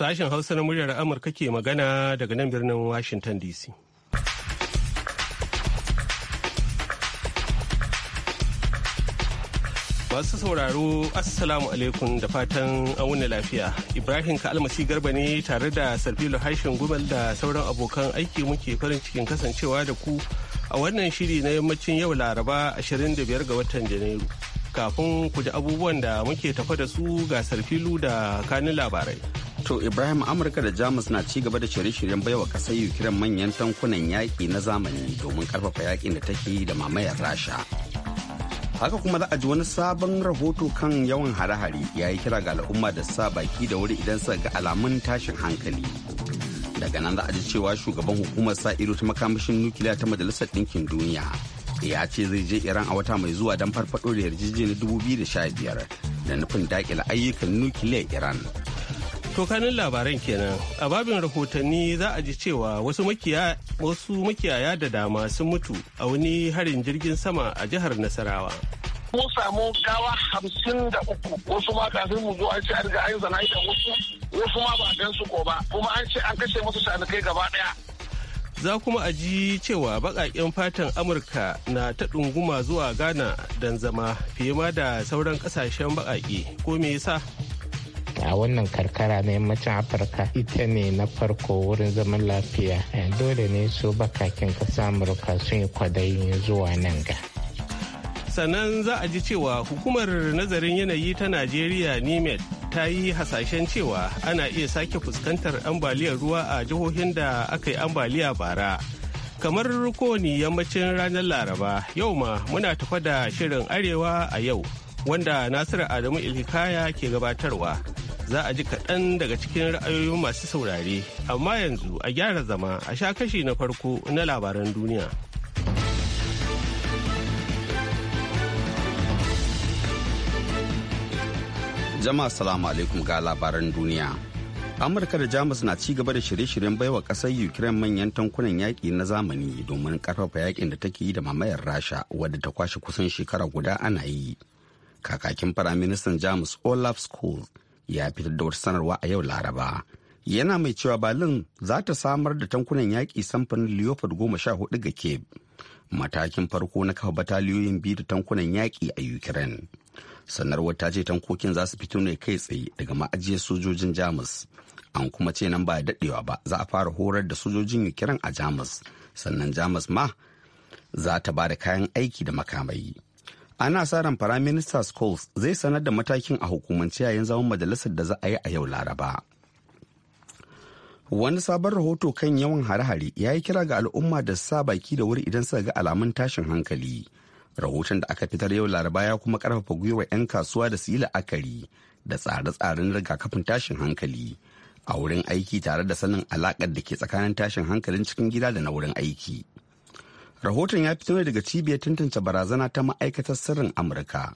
Sashen Hausa na muryar Amurka ke magana daga nan birnin Washington DC. Masu sauraro Assalamu alaikum da fatan auna lafiya. Ibrahim Kalmasi Garba ne tare da Sarfilo Harshen Gumal da sauran abokan aiki muke farin cikin kasancewa da ku a wannan shiri na yammacin yau Laraba 25 ga watan Janairu. Kafin ku ji abubuwan da muke tafa da su ga Sarfilu da kanin labarai. To Ibrahim Amurka da Jamus na ci gaba da shirye-shiryen baiwa kasar Ukraine manyan tankunan yaƙi na zamani domin karfafa yaƙin da take yi da mamayar Rasha. Haka kuma za a ji wani sabon rahoto kan yawan hare-hare ya yi kira ga al'umma da sa baki da wuri idan suka ga alamun tashin hankali. Daga nan za a ji cewa shugaban hukumar sa ido ta makamashin nukiliya ta Majalisar Ɗinkin Duniya ya ce zai je Iran a wata mai zuwa don farfaɗo da yarjejeniyar 2015 da nufin daƙila ayyukan nukiliyar Iran. To kanin labaran kenan a babin rahotanni za a ji cewa wasu makiyaya da dama sun mutu a wani harin jirgin sama a jihar Nasarawa. Mun samu gawa hamsin da uku wasu ma kafin mu zo an ce an riga an zana wasu wasu ma ba gan su ko ba kuma an ce an kashe musu kai gaba daya. za kuma a ji cewa baƙaƙen fatan amurka na ta ɗunguma zuwa ghana don zama fiye ma da sauran ƙasashen baƙaƙe ko me yasa a wannan karkara na yammacin afirka ita ne na farko wurin zaman lafiya eh, dole ne su bakakin kasa amurka sun yi kwadayin zuwa nan ga sannan za a ji cewa hukumar nazarin yanayi ta najeriya nimet ta yi hasashen cewa ana iya sake fuskantar ambaliyar ruwa a jihohin da aka yi ambaliya bara kamar rukoni yammacin ranar laraba yau ma muna tafa da shirin arewa a yau wanda nasiru adamu ilhikaya ke gabatarwa za a ji kaɗan daga cikin ra'ayoyi masu saurare amma yanzu a gyara zama a sha kashi na farko na labaran duniya jama'a salamu alaikum ga labaran duniya amurka da jamus na ci gaba da shirye-shiryen baiwa ƙasar ukraine manyan tankunan yaƙi na zamani domin ƙarfafa yaƙin da take yi da mamayar rasha wadda ta kwashe kusan shekara guda ana yi kakakin firaministan jamus olaf scholz ya fitar da wata sanarwa a yau laraba yana mai cewa berlin za ta samar da tankunan yaƙi samfanin leopard goma sha hudu ga Cape, matakin farko na kafa bataliyoyin biyu da tankunan yaƙi a ukraine sanarwar ta ce tankokin za su fito ne kai tsaye daga ma'ajiyar sojojin jamus an kuma ce nan ba ya daɗewa ba za a fara horar da sojojin ukraine a jamus sannan jamus ma za ta ba da kayan aiki da makamai ana sa ran Prime Minister scholes zai sanar da matakin a hukumance yayin zaman majalisar da za a yi a yau laraba wani sabon rahoto kan yawan hare-hare ya yi kira ga al'umma da sa baki da wuri idan suka ga alamun tashin hankali rahoton da aka fitar yau laraba ya kuma karfafa gwiwa 'yan kasuwa da su yi la'akari da tsare-tsaren rigakafin tashin hankali a wurin aiki tare da sanin alaƙar da ke tsakanin tashin hankalin cikin gida da na wurin aiki Rahoton ya fito ne daga cibiyar tantance barazana ta ma'aikatar sirrin Amurka.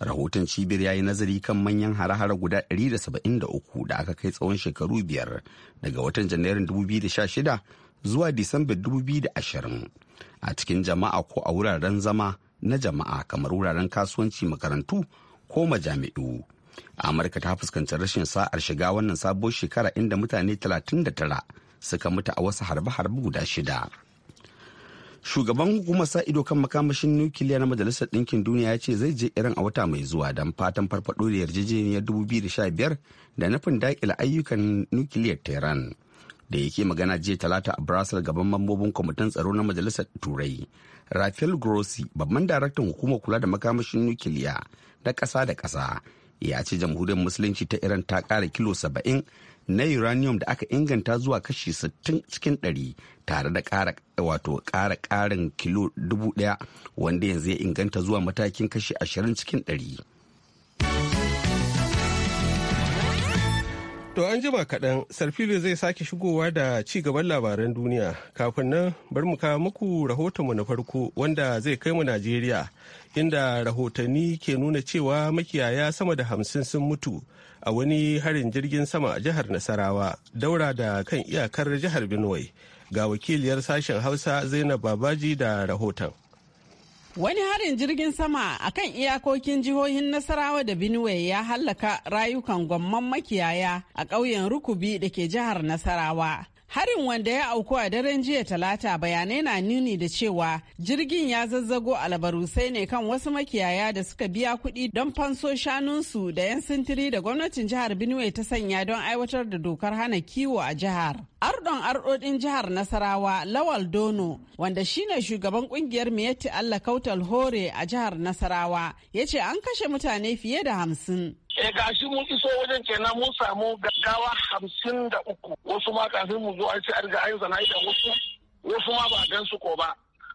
Rahoton cibiyar ya yi nazari kan manyan harahara guda 173 da aka kai tsawon shekaru biyar daga watan Janairun 2016 zuwa Disambar 2020 a cikin jama'a ko a wuraren zama na jama'a kamar wuraren kasuwanci makarantu ko majami'u. amurka ta fuskanci rashin sa'ar shiga wannan sabon shekara inda mutane 39 suka mutu a wasu harbe-harbe guda shida. shugaban hukumar sa ido kan makamashin nukiliya na majalisar ɗinkin duniya ya ce zai je iran a wata mai zuwa don fatan farfaɗo da yarjejeniyar 2015 da nufin daƙila ayyukan nukiliyar tehran da yake magana jiya talata a brasil gaban mambobin kwamitin tsaro na majalisar turai rafael grossi babban daraktan hukumar kula da makamashin nukiliya na ƙasa da ƙasa ya ce jamhuriyar musulunci ta iran ta ƙara kilo saba'in na uranium da aka inganta zuwa kashi 60 cikin 100 tare da kara wato kara karin kilo 1000 wanda yanzu ya inganta zuwa matakin kashi 20 cikin 100. To an jima kaɗan, sarfili zai sake shigowa da ci gaban labaran duniya. Kafin nan bar mu kawo muku rahotonmu na farko wanda zai kai mu Najeriya, inda rahotanni ke nuna cewa makiyaya sama da hamsin sun mutu a wani harin jirgin sama a jihar Nasarawa, daura da kan iyakar jihar Benue. Ga wakiliyar sashen Hausa Zainab Babaji da rahoton. Wani harin jirgin sama a kan iyakokin jihohin Nasarawa da Benue ya hallaka rayukan gwamman makiyaya a ƙauyen Rukubi da ke jihar Nasarawa. Harin wanda ya auku a daren jiya talata bayanai na nuni da cewa jirgin ya zazzago albarusai ne kan wasu makiyaya da suka biya kuɗi don fanso shanunsu da 'yan sintiri da gwamnatin jihar Benue ta sanya don aiwatar da dokar hana kiwo a jihar. Ardon ardodin jihar Nasarawa Lawal Dono wanda shine shugaban kungiyar miyatti Allah Kautal Hore a jihar Nasarawa ya ce an kashe mutane fiye da hamsin. E gashi mun iso wajen kenan mun samu gaggawa hamsin da uku wasu ma kafin mu zo an ce an riga an zana da wasu wasu ma ba gan su ko ba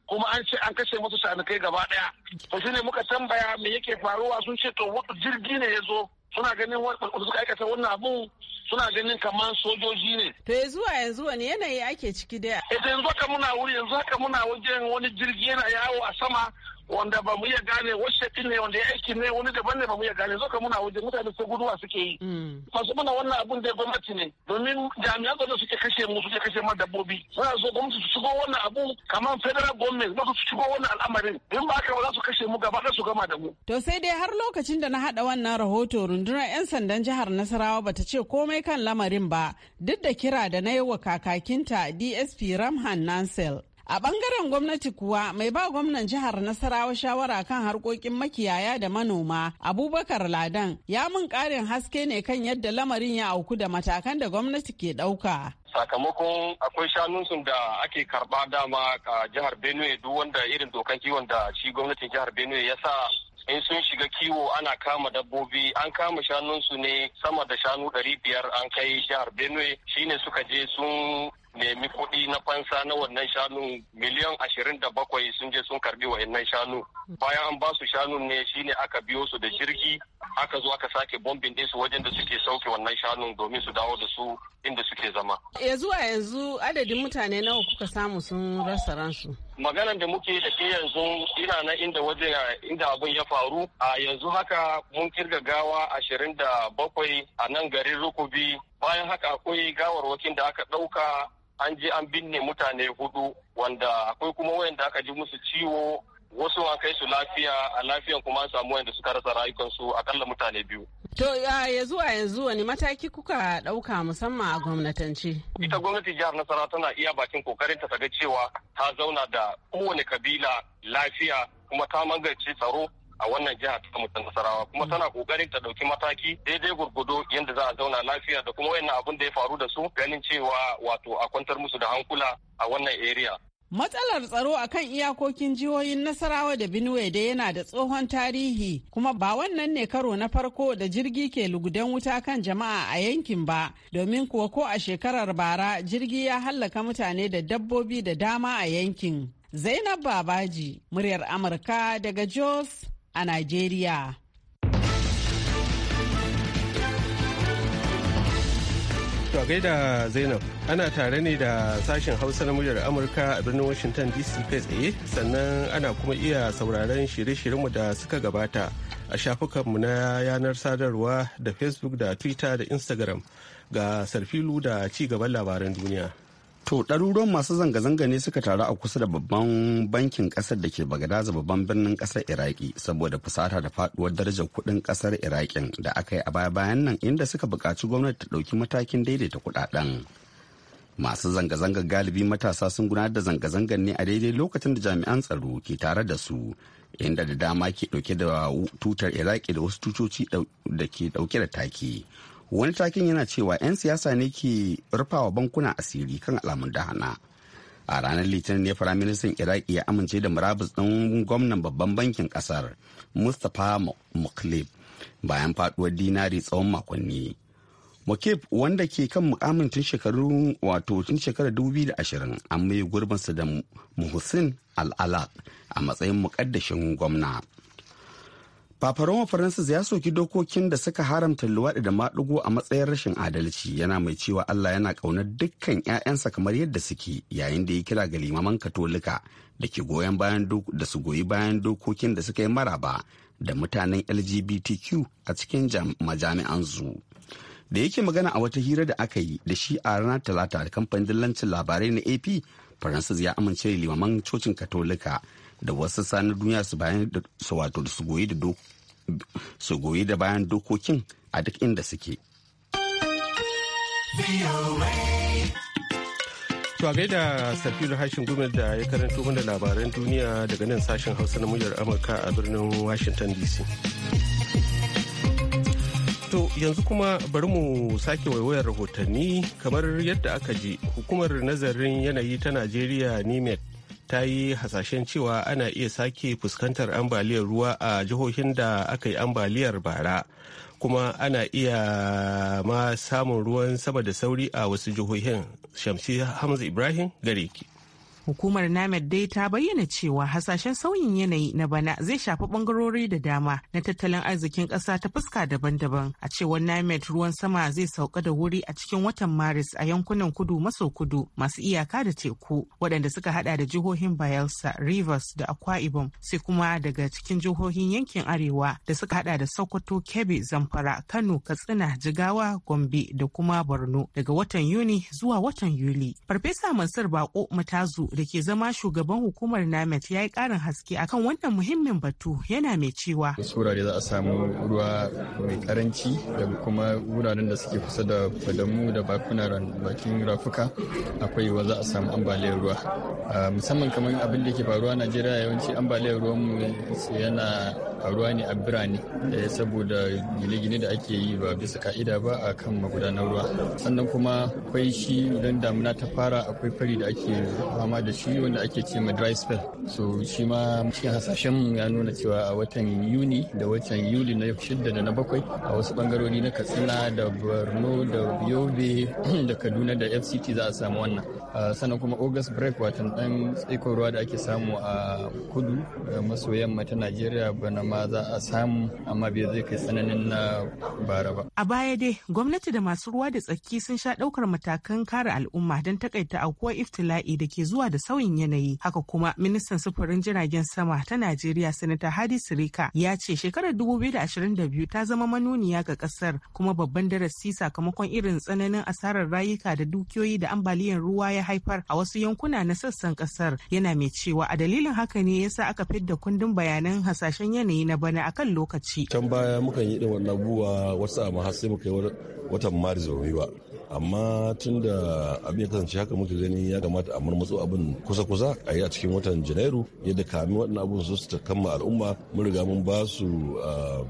kuma an ce an kashe musu shanukai gaba daya to shine muka tambaya me yake faruwa sun ce to jirgi ne ya zo suna ganin wani suka aikata wannan abun suna ganin kamar sojoji ne. To ya zuwa yanzu wani yanayi ake ciki da. Ita eh, yanzu haka muna wuri yanzu haka muna wajen wani jirgi yana yawo a sama wanda ba mu iya gane wasu shafi ne wanda ya aiki ne wani daban ne ba mu iya gane zo ka muna waje mutane sai guduwa suke yi mm. masu muna wannan abun da gwamnati ne domin jami'an tsaro suke kashe mu suke kashe mu dabbobi Suna so gwamnati su shigo wannan abu kamar federal government ba su shigo wannan al'amarin in ba haka ba za su kashe mu gaba su gama da mu. to sai dai har lokacin da na haɗa wannan rahoto rundunar 'yan sandan jihar nasarawa bata ce komai kan lamarin ba duk da kira da na yi wa kakakinta dsp ramhan nansel A bangaren gwamnati kuwa mai ba gwamnan jihar Nasarawa shawara kan harkokin makiyaya da manoma Abubakar Ladan ya mun karin haske ne kan yadda lamarin ya auku da matakan da gwamnati ke ɗauka. sakamakon akwai shanunsun da ake karɓa dama a jihar benue duk wanda irin dokan kiwon da shi gwamnatin jihar benue ya sa in sun shiga kiwo ana kama dabbobi an kama shanunsu ne sama da shanu ɗari biyar an kai jihar benue shine suka je sun nemi kuɗi na fansa na wannan shanu miliyan ashirin da bakwai sun je sun karbi wa'annan shanu bayan an ba su shanu ne shine aka biyo su da jirgi aka zo aka sake bombin su wajen da suke sauke wannan shanun domin su dawo da su inda suke zama ya zuwa yanzu adadin mutane nawa kuka samu sun rasa ransu maganan da muke da ke yanzu ina na inda waje inda abin ya faru a yanzu haka mun kirga gawa ashirin da bakwai a nan garin rukubi bayan haka akwai gawarwakin da aka ɗauka an je an binne mutane hudu wanda akwai kuma wayanda aka ji musu ciwo wasu an kai su lafiya a lafiyan kuma an samu wayanda suka rasa rayukansu akalla mutane biyu. To ya zuwa yanzu wani mataki kuka ɗauka musamman a gwamnatance? Ita gwamnati jihar Nasara tana iya bakin kokarin ta ga cewa ta zauna da kowane kabila lafiya kuma ta mangarci tsaro a wannan jiha ta mu Nasarawa kuma tana kokarin ta dauki mataki daidai gurgudo yadda za a zauna lafiya da kuma wayannan abun da ya faru da su ganin cewa wato a kwantar musu da hankula a wannan area. Matsalar tsaro a kan iyakokin jihohin Nasarawa da Benue da yana da tsohon tarihi kuma ba wannan ne karo na farko da jirgi ke lugudan wuta kan jama'a a yankin ba domin kuwa ko a shekarar bara jirgi ya hallaka mutane da dabbobi da dama a yankin. Zainab Babaji, muryar Amurka daga Jos a Najeriya. To da Zainab ana tare ne da sashen Hausa na muryar Amurka a birnin Washington DC kai tsaye sannan ana kuma iya sauraron shirye-shiryenmu da suka gabata a shafukanmu na yanar sadarwa da Facebook da Twitter da Instagram ga Sarfilu da ci gaban labaran duniya. To ɗaruruwan masu zanga-zanga ne suka taru a kusa da babban bankin ƙasar da ke Bagadaza babban birnin ƙasar Iraki saboda fusata da faɗuwar darajar kuɗin ƙasar Irakin da aka yi a baya-bayan nan inda suka buƙaci gwamnati ta ɗauki matakin daidaita kuɗaɗen. Masu zanga-zangar galibi matasa sun gudanar da zanga-zangar ne a daidai lokacin da jami'an tsaro ke tare da su inda da dama ke ɗauke da tutar Iraki da wasu tutoci da ke ɗauke da take wani takin yana cewa 'yan siyasa ne ke rufawa bankuna asiri kan alamun dahana a ranar litinin ne firaministan iraki ya amince da murabus ɗin gwamnan babban bankin ƙasar mustapha mukleb bayan faduwar dinari tsawon makonni mukleb wanda ke kan mukamin tun shekaru wato shekarar 2020 an mai gurbinsa da muhsin al'alaq a matsayin mukaddashin gwamna. Fafaroma faransa ya soki dokokin da suka haramta luwaɗi da maɗigo a matsayin rashin adalci yana mai cewa Allah yana ƙaunar dukkan 'ya'yansa kamar yadda suke yayin da ya kira ga limaman katolika da ke goyon bayan da su goyi bayan dokokin da suka yi maraba da mutanen LGBTQ a cikin majami'ansu. Da yake magana a wata hira da aka yi da shi a ranar Talata da kamfanin dillancin labarai na AP, Faransa ya amince limaman cocin Katolika da wasu sanar duniya su bayan su wato su goyi da bayan dokokin a duk inda suke. To a gaida Safiru Hashin Gumel da ya karanto mana labaran duniya daga nan sashen Hausa na muryar Amurka a birnin Washington DC. To yanzu kuma bari mu sake waiwayar rahotanni kamar yadda aka ji hukumar nazarin yanayi ta Najeriya NIMET ta yi hasashen cewa ana iya sake fuskantar ambaliyar ruwa a jihohin da aka yi ambaliyar bara kuma ana iya ma samun ruwan sama da sauri a wasu jihohin shamsi hamza ibrahim gare ki Hukumar NAMED dai ta bayyana cewa hasashen sauyin yanayi na bana zai shafi bangarori da dama na tattalin arzikin ƙasa ta fuska daban-daban. A cewar NAMED ruwan sama zai sauka da wuri a cikin watan Maris a yankunan kudu maso kudu masu iyaka da teku waɗanda suka hada da jihohin Bayelsa, Rivers da Akwa Ibom sai kuma daga cikin jihohin yankin Arewa da suka hada da Sokoto, Kebbi, Zamfara, Kano, Katsina, Jigawa, Gombe da kuma Borno daga watan Yuni zuwa watan Yuli. Farfesa Mansur Bako Matazu da ke zama shugaban hukumar namet ya yi karin haske akan wannan muhimmin batu yana mai cewa wasu wurare za a samu ruwa mai karanci da kuma wuraren da suke kusa da fadamu da bakuna bakin rafuka akwai wa za a samu ambaliyar ruwa ah, musamman kamar abin da ke faruwa najeriya yawanci ambaliyar ruwan mu yana a ruwa ne a birane eh, saboda gine-gine da ake yi ba bisa ka'ida ba a kan magudanar ruwa sannan kuma akwai shi idan damuna ta fara akwai fari da ake fama da shi wanda ake ce ma dry spell so shi ma cikin hasashen ya nuna cewa a watan yuni da watan yuli na shidda da na bakwai a wasu bangarori na katsina da borno da yobe da kaduna da fct za a samu wannan sannan kuma august break watan dan tsaikon ruwa da ake samu a kudu eh, maso yamma ta najeriya bana ma za a samu amma bai zai kai tsananin na bara ba. A baya dai gwamnati da masu ruwa da tsaki sun sha ɗaukar matakan kare al'umma don takaita aukuwar iftila'i da ke zuwa da sauyin yanayi. Haka kuma ministan sufurin jiragen sama ta Najeriya Sanata Hadi Sirika ya ce shekarar 2022 ta zama manuniya ga kasar kuma babban darasi sakamakon irin tsananin asarar rayuka da dukiyoyi da ambaliyar ruwa ya haifar a wasu yankuna na sassan kasar yana mai cewa a dalilin haka ne yasa aka fidda kundin bayanan hasashen yanayi ne na bana akan lokaci can baya mukan yi wannan abubuwa wasu amma har sai muka yi watan maris ba ba amma tun da abin ya kasance haka muka gani ya kamata a marmatsu abin kusa-kusa a yi a cikin watan janairu yadda kamin waɗannan abin su ta kama al'umma mun riga mun ba su ah,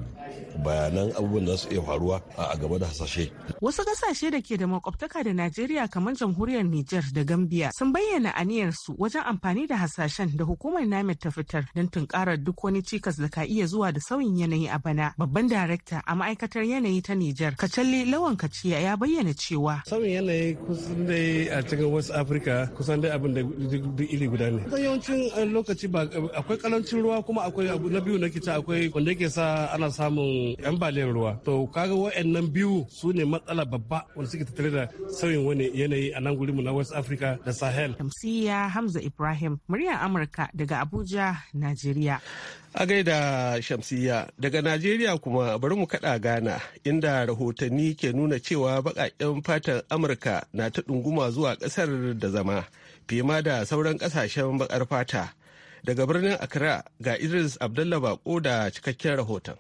bayanan abubuwan da su iya faruwa a gaba da hasashe. Wasu kasashe da ke da makwabtaka da Najeriya kamar jamhuriyar Nijar da Gambia sun bayyana su wajen amfani da hasashen da hukumar Namir ta fitar don tunkarar duk wani cikas da ka iya zuwa da sauyin yanayi a bana babban darakta a ma'aikatar yanayi ta Nijar Kacalle Lawan Kaciya ya bayyana cewa sauyin yanayi kusan dai a cikin West Africa kusan dai abin da duk iri guda ne yawancin eh, lokaci ba akwai kalancin ruwa kuma akwai abu na biyu na kita akwai wanda yake sa ana samun yan baliyan ruwa to kaga wa'annan biyu su ne matsala babba wanda suke tattare da sauyin wani yanayi a nan gurinmu na West Africa da Sahel Tamsiya Hamza Ibrahim murya Amurka daga Abuja Najeriya A gaida Shamsiyya daga Najeriya kuma bari mu kada Ghana inda rahotanni ke nuna cewa baƙaƙen fatan Amurka na ta ɗunguma zuwa ƙasar da zama fiye ma da sauran ƙasashen baƙar fata. Daga birnin Accra ga Idris Abdullah Bako da cikakken rahoton.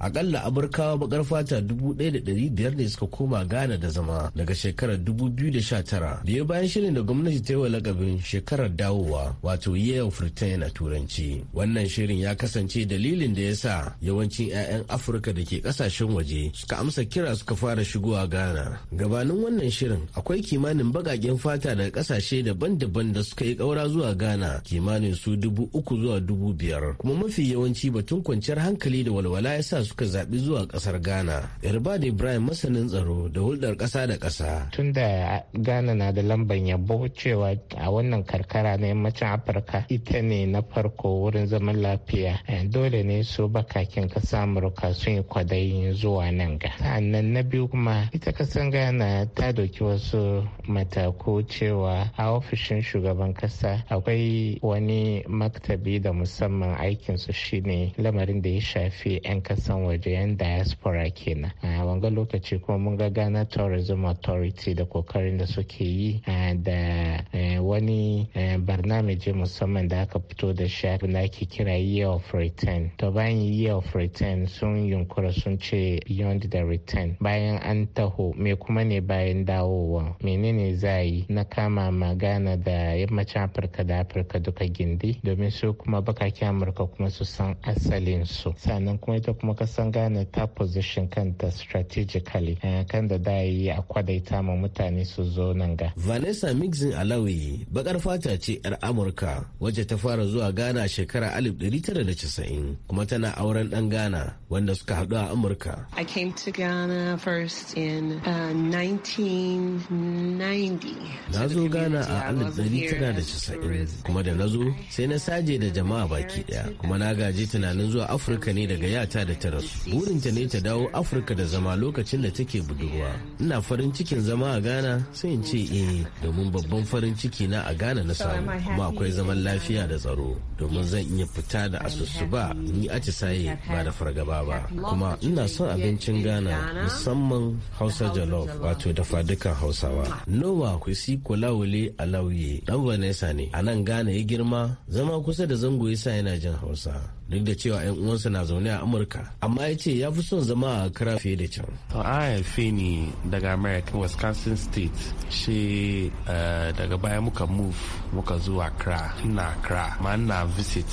akalla amurkawa bakar fata 1,500 ne suka koma ghana da zama daga shekarar 2019 ya bayan shirin da gwamnati ta yi wa lakabin shekarar dawowa wato year of return a turanci wannan shirin ya kasance dalilin da ya sa yawancin 'ya'yan afirka da ke kasashen waje suka amsa kira suka fara shigowa ghana gabanin wannan shirin akwai kimanin bagagen fata daga kasashe daban-daban da suka yi kaura zuwa ghana kimanin su dubu uku zuwa dubu biyar kuma mafi yawanci batun kwanciyar hankali da walwala ya sa suka zaɓi zuwa ƙasar ghana da ibrahim masanin tsaro da hulɗar ƙasa da ƙasa tun da ghana na da lamban yabo cewa a wannan karkara na yammacin afirka ita ne na farko wurin zaman lafiya eh, dole ne su bakakin ƙasa amurka sun yi kwadayin zuwa nan ga sannan na biyu kuma ita ƙasar ghana ta doki wasu mataku cewa a ofishin shugaban ƙasa akwai wani maktabi da musamman aikinsu shine lamarin da ya shafi 'yan ƙasa kan waje yan diaspora kenan a wanga lokaci kuma mun ga ghana tourism authority da kokarin da suke yi da wani barnamiji musamman da aka fito da shafi da ake kira year of return to bayan year of return sun yunkura sun ce beyond the return bayan an taho me kuma ne bayan dawowa menene za yi na kama magana da yammacin afirka da afirka duka gindi domin su kuma bakake amurka kuma su san asalin su sannan kuma ita kuma kasan ghana ta position kanta strategically eh, kan da da yi a kwadaita ma mutane su zo nan ga vanessa mixin alawi bakar fata ce yar amurka wacce ta fara zuwa ghana shekara 1990 kuma tana auren dan ghana wanda suka haɗu a amurka i came to ghana first in uh, 1990 na zo ghana a 1990 kuma da na zo sai na saje da jama'a baki daya kuma na gaji tunanin zuwa afirka ne daga yata da tara rasu burinta ne ta dawo afirka da zama lokacin da take budurwa ina farin cikin zama a ghana sai in ce eh domin babban farin ciki na a ghana na samu kuma akwai zaman lafiya da tsaro domin zan iya fita da asusu ba ni atisaye ba da fargaba ba kuma ina son abincin ghana musamman hausa jollof wato dafa fadukan hausawa nowa kwesi a lauye. dan vanessa ne a nan ghana ya girma zama kusa da zango yasa yana jin hausa duk da cewa 'yan uwansa na zaune a amurka amma ya ce ya fi son zama a kara fiye da can to an haife ni daga america wisconsin state shi eh, daga baya muka move muka zo kra ina kra ma ina visit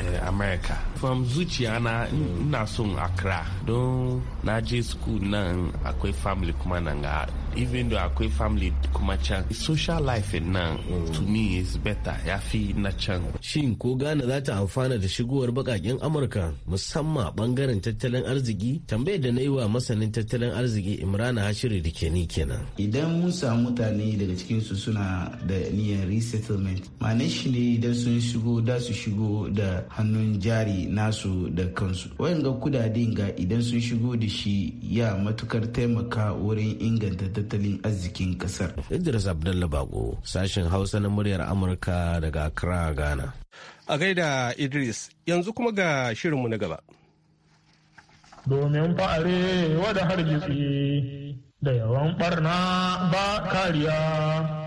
eh, America from zuciya na ina son Accra don na je school nan akwai family kuma nan ga even though akwai family kuma can social life nan to me is better ya fi na can shin ko Ghana za ta amfana da shigowar bakaken Amurka musamman bangaren tattalin arziki tambayar da na yi wa masanin tattalin arziki Imrana Hashiru da ke ni kenan idan mun samu mutane daga cikinsu suna da niyyar resettlement development shi ne idan sun shigo da su shigo da hannun jari nasu da kansu ga kudaden ga idan sun shigo da shi ya matukar taimaka wurin inganta tattalin arzikin kasar idris abdullahi bako sashen hausa na muryar amurka daga accra ghana a gaida idris yanzu kuma ga shirinmu na gaba domin fa'are wada hargitsi da yawan barna ba kariya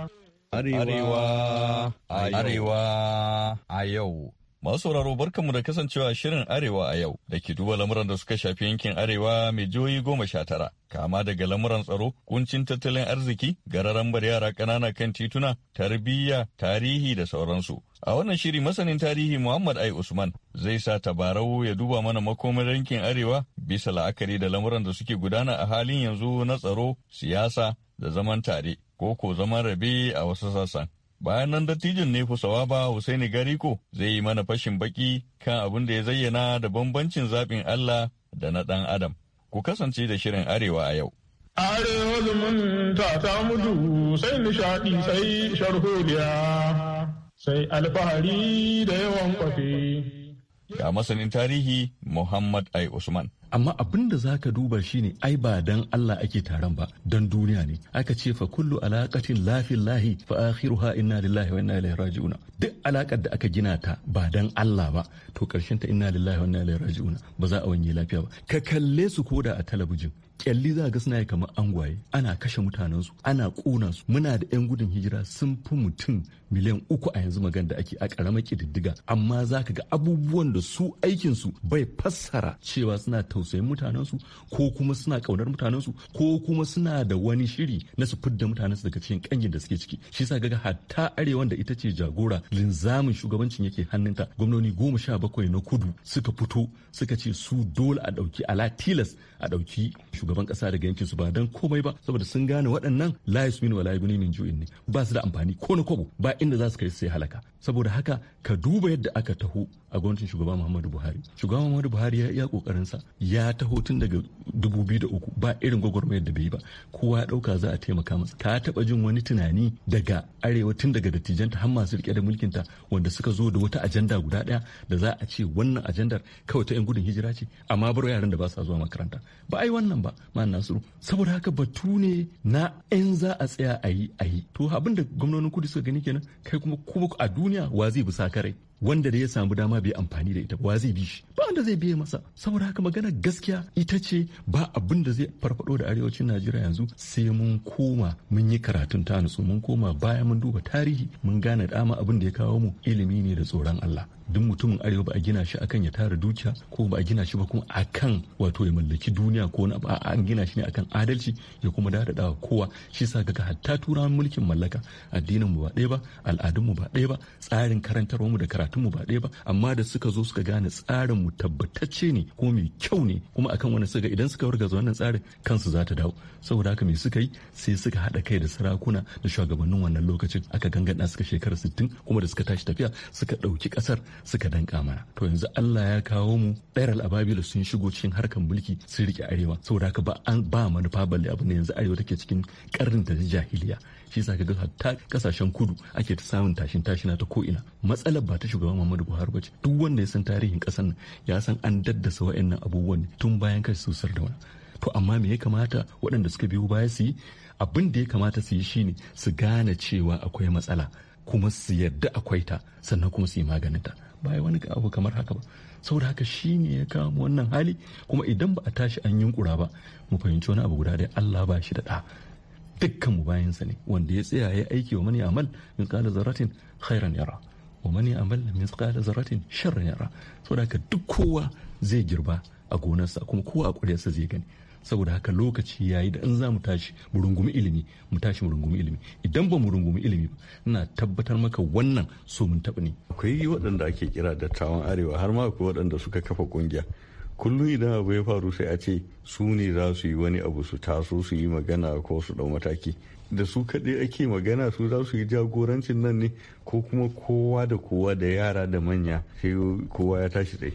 Arewa Arewa a yau. Masu sauraro barkanmu da kasancewa shirin Arewa a yau da ke duba lamuran da suka shafi yankin Arewa mai jihohi goma sha tara. Kama daga lamuran tsaro, kuncin tattalin arziki, bar yara ƙanana kan tituna, tarbiyya, tarihi da sauransu. A wannan shiri masanin tarihi Muhammad Ai Usman zai sa tabarau ya duba mana makomar yankin Arewa bisa la'akari da lamuran da suke gudana a halin yanzu na tsaro, siyasa da zaman tare. ko ko zama rabe a wasu sassan. Bayan nan dattijin ne fusawa ba, Hussaini Gariko zai yi mana fashin baki kan abin da ya zayyana da bambancin zaɓin Allah da na ɗan Adam. Ku kasance da shirin Arewa a yau. Arewa zumunta ta mutu sai nishaɗi sai sharhoriya sai alfahari da yawan kwafe. ga masanin tarihi Muhammad Ai Usman. Amma abin da za ka duba shine ai ba dan Allah ake taron ba don duniya ne. Aka ce fa kullu alaƙatin lafin lahi fa akhiruha inna lillahi wa inna ilaihi raji'una. Duk alaƙar da aka gina ta ba dan Allah ba to ƙarshen ta inna lillahi wa inna ilaihi raji'una ba za a wanye lafiya ba. Ka kalle su koda a talabijin kyalli za ga suna kamar angwaye ana kashe mutanensu ana ƙona su muna da 'yan gudun hijira sun fi mutum miliyan uku a yanzu magan da ake a ƙaramar ƙididdiga amma za ka ga abubuwan da su aikinsu bai fassara cewa suna tausayin mutanensu ko kuma suna ƙaunar mutanensu ko kuma suna da wani shiri na su fidda mutanensu daga cikin ƙangin da suke ciki shi sa ga hatta arewan da ita ce jagora linzamin shugabancin yake hannunta gwamnoni goma sha bakwai na kudu suka fito suka ce su dole a ɗauki ala tilas a ɗauki shugaban kasa daga yankin su ba dan komai ba saboda sun gane waɗannan la wa wala min ju'in ne ba su da amfani ko na kwabo ba inda za su kai sai halaka saboda haka ka duba yadda aka taho a gwamnatin shugaba Muhammadu Buhari shugaba Muhammadu Buhari ya iya kokarin sa ya taho tun daga 2003 ba irin gwagwarmayar da bai yi ba kowa ya ɗauka za a taimaka masa ka taba jin wani tunani daga arewa tun daga dattijanta har masu rike da mulkinta wanda suka zo da wata ajanda guda ɗaya da za a ce wannan ajandar kawai ta 'yan gudun hijira ce amma bar yaran da ba sa zuwa makaranta ba a yi wannan ba man nasiru saboda haka batu ne na in za a tsaya a yi a yi to abin da gwamnonin kudu suka gani kenan kai kuma kuma a duniya wa zai bi sakarai wanda da ya samu dama bai amfani da ita ba zai bi shi ba wanda zai biye masa saboda haka magana gaskiya ita ce ba abin da zai farfado da arewacin najeriya yanzu sai mun koma mun yi karatun ta nutsu mun koma baya mun duba tarihi mun gane dama abin da ya kawo mu ilimi ne da tsoron allah duk mutumin arewa ba a gina shi akan ya tara dukiya ko ba a gina shi ba kuma akan wato ya mallaki duniya ko wani ba an gina shi ne akan adalci ya kuma da da kowa shi sa ga hatta turawan mulkin mallaka addinin mu ba ɗaya ba al'adun mu ba ɗaya ba tsarin karantarwar mu da karatu bukatunmu ba ɗaya ba amma da suka zo suka gane tsarin mu tabbatacce ne kuma mai kyau ne kuma akan wani suka idan suka wargaza wannan tsarin kansu za ta dawo saboda haka me suka yi sai suka haɗa kai da sarakuna da shugabannin wannan lokacin aka gangana suka shekara 60 kuma da suka tashi tafiya suka ɗauki ƙasar suka danka mana to yanzu Allah ya kawo mu ɗayar al'ababila sun shigo cikin harkar mulki sun rike arewa saboda haka ba an ba manufa balle abu ne yanzu arewa take cikin karin da jahiliya shi sa ga hatta kasashen kudu ake ta samun tashin tashina ta ko ina matsalar ba ta shugaban muhammadu buhari ba ce duk wanda ya san tarihin ƙasar nan ya san an daddasa wa'annan abubuwan tun bayan kai su da wani to amma me ya kamata waɗanda suka biyo baya su yi abin da ya kamata su yi shine su gane cewa akwai matsala kuma su yarda akwai ta sannan kuma su yi maganinta ba ya wani abu kamar haka ba saboda haka shi ne ya kawo wannan hali kuma idan ba a tashi an yunkura ba mu fahimci wani abu guda dai Allah ba shi da ɗa dukkan mu bayansa ne wanda ya tsaya ya aiki wa mani amal min qala zarratin khairan yara wa mani amal zaratin shan sharran yara da haka duk kowa zai girba a gonarsa kuma kowa a ƙuryarsa zai gani saboda haka lokaci ya yi da in za mu tashi mu rungumi ilimi mu tashi mu rungumi ilimi idan ba mu rungumi ilimi ba ina tabbatar maka wannan so mun taɓa ne akwai waɗanda ake kira dattawan arewa har ma akwai waɗanda suka kafa ƙungiya kullum idan abu ya faru sai a ce su ne za su yi wani abu su taso su yi magana ko su ɗau mataki da su kaɗai ake magana su za su yi jagorancin nan ne ko kuma kowa da kowa da yara da manya sai kowa ya tashi tsaye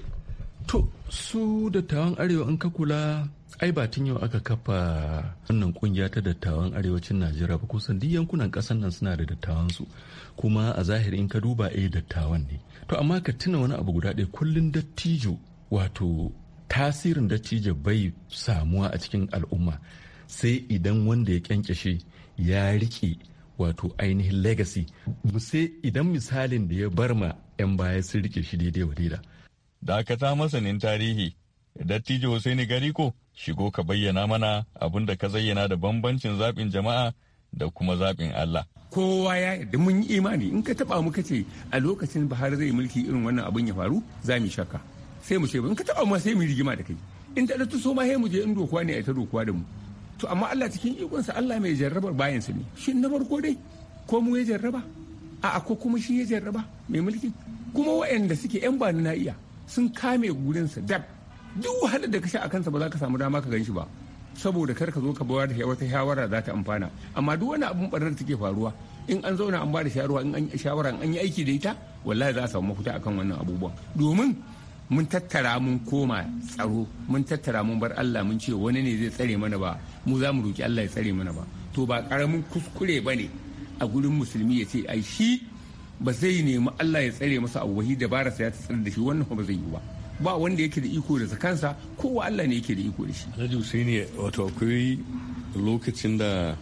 to su dattawan arewa in ka kula ai ba tun yau aka kafa wannan kungiya ta dattawan arewacin najeriya ba kusan duk yankunan kasan nan suna da dattawan su kuma a zahiri in ka duba eh dattawan ne to amma ka tuna wani abu guda ɗaya kullun dattijo wato tasirin dattijo bai samuwa a cikin al'umma sai idan wanda ya kyankyashe ya rike wato ainihin legacy sai idan misalin da ya bar ma 'yan baya sun rike shi daidai wa daida. Dakata masanin tarihi, dattijo Hussaini Gariko shigo ka bayyana mana abin da ka zayyana da bambancin zaɓin jama'a da kuma zaɓin Allah. Kowa ya yarda mun yi imani in ka taɓa muka ce a lokacin bahar zai mulki irin wannan abin ya faru za mu shaka. sai mu ce ba in ka taɓa ma sai mu rigima da kai in da ta so ma sai mu je in dokuwa ne a ta dokuwa da mu to amma Allah cikin sa Allah mai jarrabar bayan bayansa ne shi na farko dai ko mu ya jarraba a ko kuma shi ya jarraba mai mulki kuma waɗanda suke yan ba na iya sun kame gurin sa dab duk wahalar da ka sha a kansa ba za ka samu dama ka gan ba saboda kar ka zo ka bawa da wata shawara za ta amfana amma duk wani abun da take faruwa in an zauna an ba da shawara in an yi aiki da ita wallahi za a samu mafita akan wannan abubuwan domin mun tattara mun koma tsaro mun tattara mun bar Allah mun ce wani ne zai tsare mana ba mu za mu roki Allah ya tsare mana ba to ba karamin kuskure ba ne a gurin musulmi ya ce ai shi ba zai nemi Allah ya tsare masa abu wahi da barasa ya tsare da shi wannan ba zai yi ba ba wanda yake da iko da kansa kowa Allah ne yake da iko da shi Alhaji Husaini wato akwai lokacin da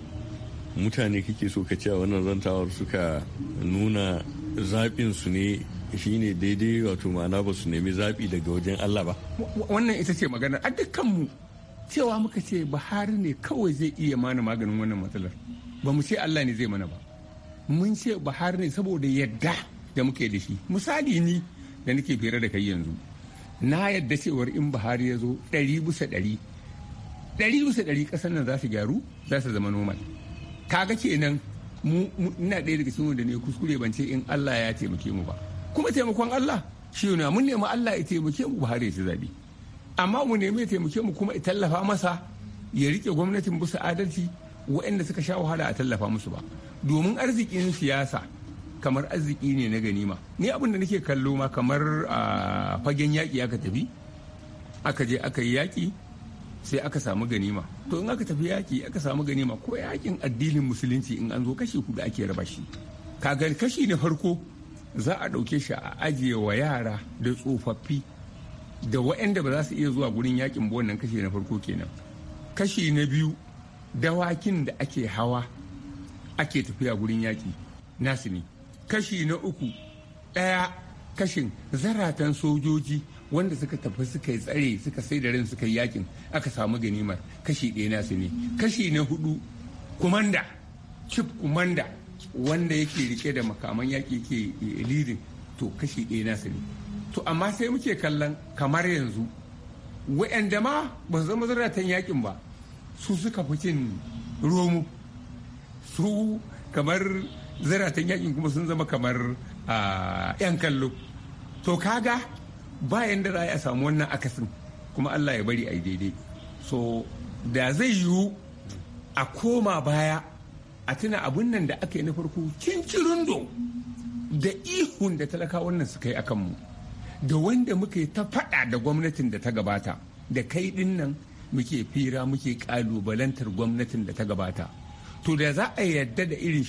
mutane kake so ka ce a wannan zantawar suka nuna zaɓin su ne shine daidai wato ma'ana ba su nemi zaɓi daga wajen Allah ba wannan ita ce magana a dukkanmu cewa muka ce Buhari ne kawai zai iya mana maganin wannan matsalar ba mu ce Allah ne zai mana ba mun ce Buhari ne saboda yadda da muke da shi misali ni da nake fere da kai yanzu na yadda cewar in Buhari ya zo ɗari bisa ɗari ɗari bisa ɗari ƙasar nan za su gyaru za su zama normal kaga kenan mu ina ɗaya daga cikin wanda ne kuskure ban ce in Allah ya taimake mu ba kuma taimakon Allah shi ne mun nemi Allah ya taimake mu Buhari ya ci zabe amma mu nemi ya taimake mu kuma ya tallafa masa ya rike gwamnatin bisa adalci waɗanda suka sha wahala a tallafa musu ba domin arzikin siyasa kamar arziki ne na ganima ni abin da nake kallo ma kamar ah, fagen yaƙi aka tafi aka je aka yi yaƙi sai aka samu ganima to in aka tafi yaki aka samu ganima ko yakin addinin musulunci in an zo kashi hudu ake raba shi kaga kashi na farko za a ɗauke shi a ajiye wa yara da tsofaffi da waɗanda ba za su iya zuwa gurin yakin ba wannan kashi na farko kenan kashi na biyu dawakin da ake hawa ake tafiya gurin yaki nasu ne kashi na uku ɗaya kashin zaratan sojoji wanda suka tafi suka yi tsare suka sai da ran suka yi yakin aka samu ganimar kashi ɗaya su ne kashi na hudu kumanda chief kumanda wanda yake rike da makaman yaki ke eh, lirin to kashi ɗaya su ne to amma sai muke kallon kamar yanzu wa'anda ma ba su zama zaratan yakin ba su suka fi cin romu su kamar zaratan yakin kuma sun zama kamar ah, yan kallo to kaga ba yanda za a samu wannan akasin kuma Allah ya bari a yi daidai so da zai yiwu a koma baya a tuna abun nan da aka yi na farko kincirindo da ihun da talaka wannan suka yi akan mu da wanda muka yi ta faɗa da gwamnatin da ta gabata da kai ɗin nan muke fira muke ƙalubalantar gwamnatin da ta gabata to da za a yarda da irin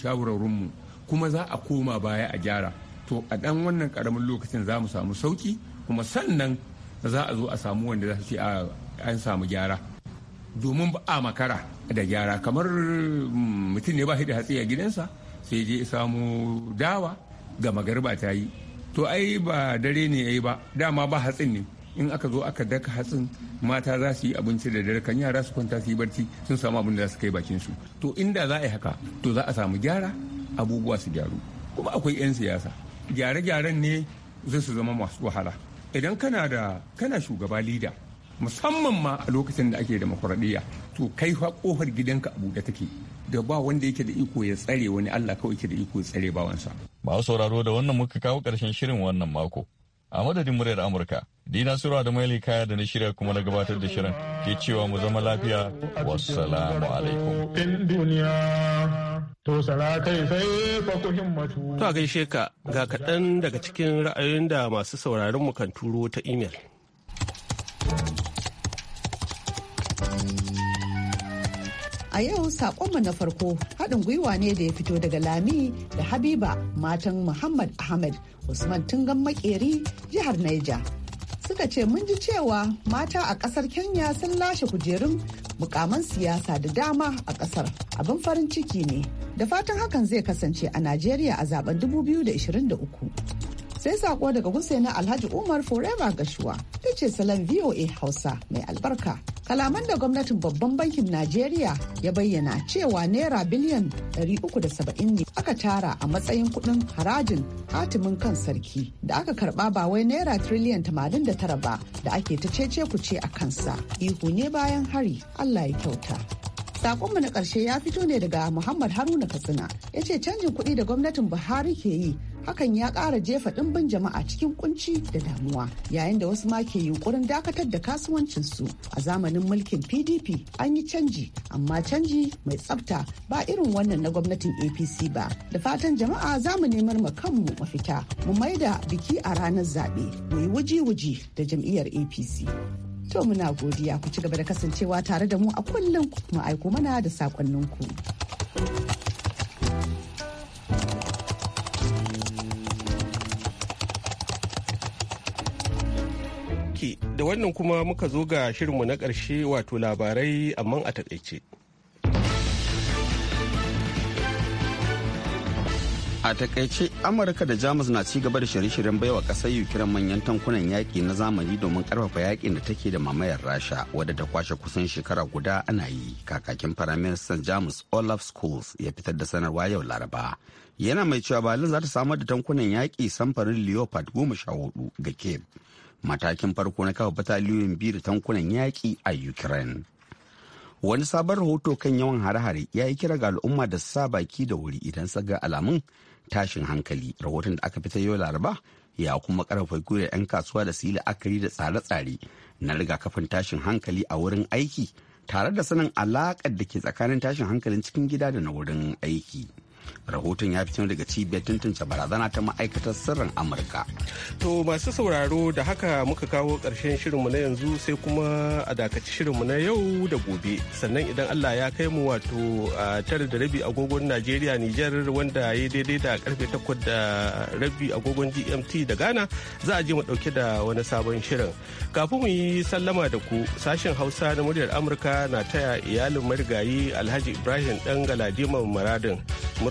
mu kuma za a koma baya a gyara to a ɗan wannan ƙaramin lokacin za mu samu sauƙi kuma sannan za a zo a samu wanda za ce an samu gyara domin ba a makara da gyara kamar mm, mutum ne ba shi da hatsi a gidansa sai je samu dawa ga magarba ta yi to ai ba dare ne yayi ba dama ba hatsin ne in aka zo aka daka hatsin mata za su yi abinci da dare kan yara su kwanta su yi barci sun samu abin da za su kai bakin su to inda za a yi haka to za a samu gyara abubuwa su gyaru kuma akwai 'yan siyasa gyare-gyaren ne zai su zama masu wahala idan kana da kana shugaba lida musamman ma a lokacin da ake demokuraɗiyya to kai fa kofar gidanka a buɗe take da ba wanda yake da iko ya tsare wani Allah kawai yake da iko ya tsare bawansa. Ba sauraro da wannan muka kawo ƙarshen shirin wannan mako. A madadin muryar Amurka, Dina Sura da Maili Kaya da na shirya kuma na gabatar da shirin ke cewa mu zama lafiya. Wassalamu alaikum. To salatai sai fa ku himmatu. To a gaishe ka ga kaɗan daga cikin ra'ayoyin da masu sauraron mu kan turo ta imel. A yau saƙonmu na farko haɗin gwiwa ne da ya fito daga Lami da Habiba matan Muhammad Ahmed Usman Tungan Makeri jihar Niger. suka ce mun ji cewa mata a kasar kenya sun lashe kujerun mukaman siyasa da dama a kasar abin farin ciki ne da fatan hakan zai kasance a najeriya a zaben 2023 sai sako daga husaina alhaji umar forever gashuwa ta ce salon voa hausa mai albarka kalaman da gwamnatin babban bankin najeriya ya bayyana cewa naira biliyan 370 ne aka tara a matsayin kudin harajin hatimin kan sarki da aka karba ba wai naira triliyan 89 ba da ake ta cece ce a kansa ihu ne bayan hari allah ya kyauta Sakonmu na ƙarshe ya fito ne daga Muhammad Haruna Katsina ya ce canjin kuɗi da gwamnatin Buhari ke yi hakan ya ƙara jefa ɗimbin jama'a cikin kunci da damuwa yayin da wasu ma ke yunkurin dakatar da kasuwancinsu a zamanin mulkin PDP an yi canji amma canji mai tsafta ba irin wannan na gwamnatin APC ba da fatan jama'a za mu nemar ma kanmu fita mu maida biki a ranar zaɓe mu yi wuji-wuji da jam'iyyar APC. To muna godiya ku ci gaba da kasancewa tare da mu a kullum mu aiko mana da ku. Da wannan kuma muka zo ga shirinmu na ƙarshe wato labarai amma a taƙaice. a takaice amurka da jamus na ci gaba da shirye-shiryen baiwa kasar ukraine manyan tankunan yaƙi na zamani domin karfafa yaƙin da take da mamayar rasha wadda ta kwashe kusan shekara guda ana yi kakakin firaministan jamus olaf schools ya fitar da sanarwa yau laraba yana mai cewa berlin za ta samar da tankunan yaƙi samfarin leopard goma sha hudu ga kiev matakin farko na kafa bataliyoyin biyu da tankunan yaƙi a ukraine wani sabon rahoto kan yawan hare-hare ya yi kira ga al'umma da sa baki da wuri idan ga alamun tashin hankali rahoton da aka fitar yau laraba ya kuma karfafa gwiwar 'yan kasuwa da su yi la'akari da tsare-tsare na rigakafin tashin hankali a wurin aiki tare da sanin alaƙar da ke tsakanin tashin hankalin cikin gida da na wurin aiki. rahoton ya fito daga cibiyar tuntunta barazana ta ma'aikatar sirrin amurka to masu sauraro da haka muka kawo ƙarshen shirinmu na yanzu sai kuma a dakaci shirinmu na yau da gobe sannan idan allah ya kai mu wato tara da rabi agogon najeriya nijar wanda ya daidai da karfe takwas da rabi agogon gmt da ghana za a je mu dauke da wani sabon shirin kafin mu yi sallama da ku sashen hausa na muryar amurka na taya iyalin marigayi alhaji ibrahim dan galadiman maradin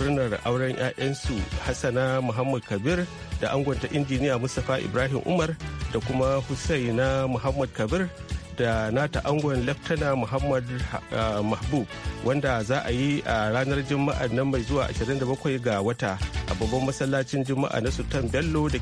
murnar auren 'ya'yansu hassana muhammad kabir da angonta injiniya mustapha ibrahim umar da kuma husaina muhammad kabir da nata angon laftana muhammad uh, mahbub wanda za a yi a ranar juma'a nan mai zuwa 27 ga wata a babban masallacin juma'a na sultan bello da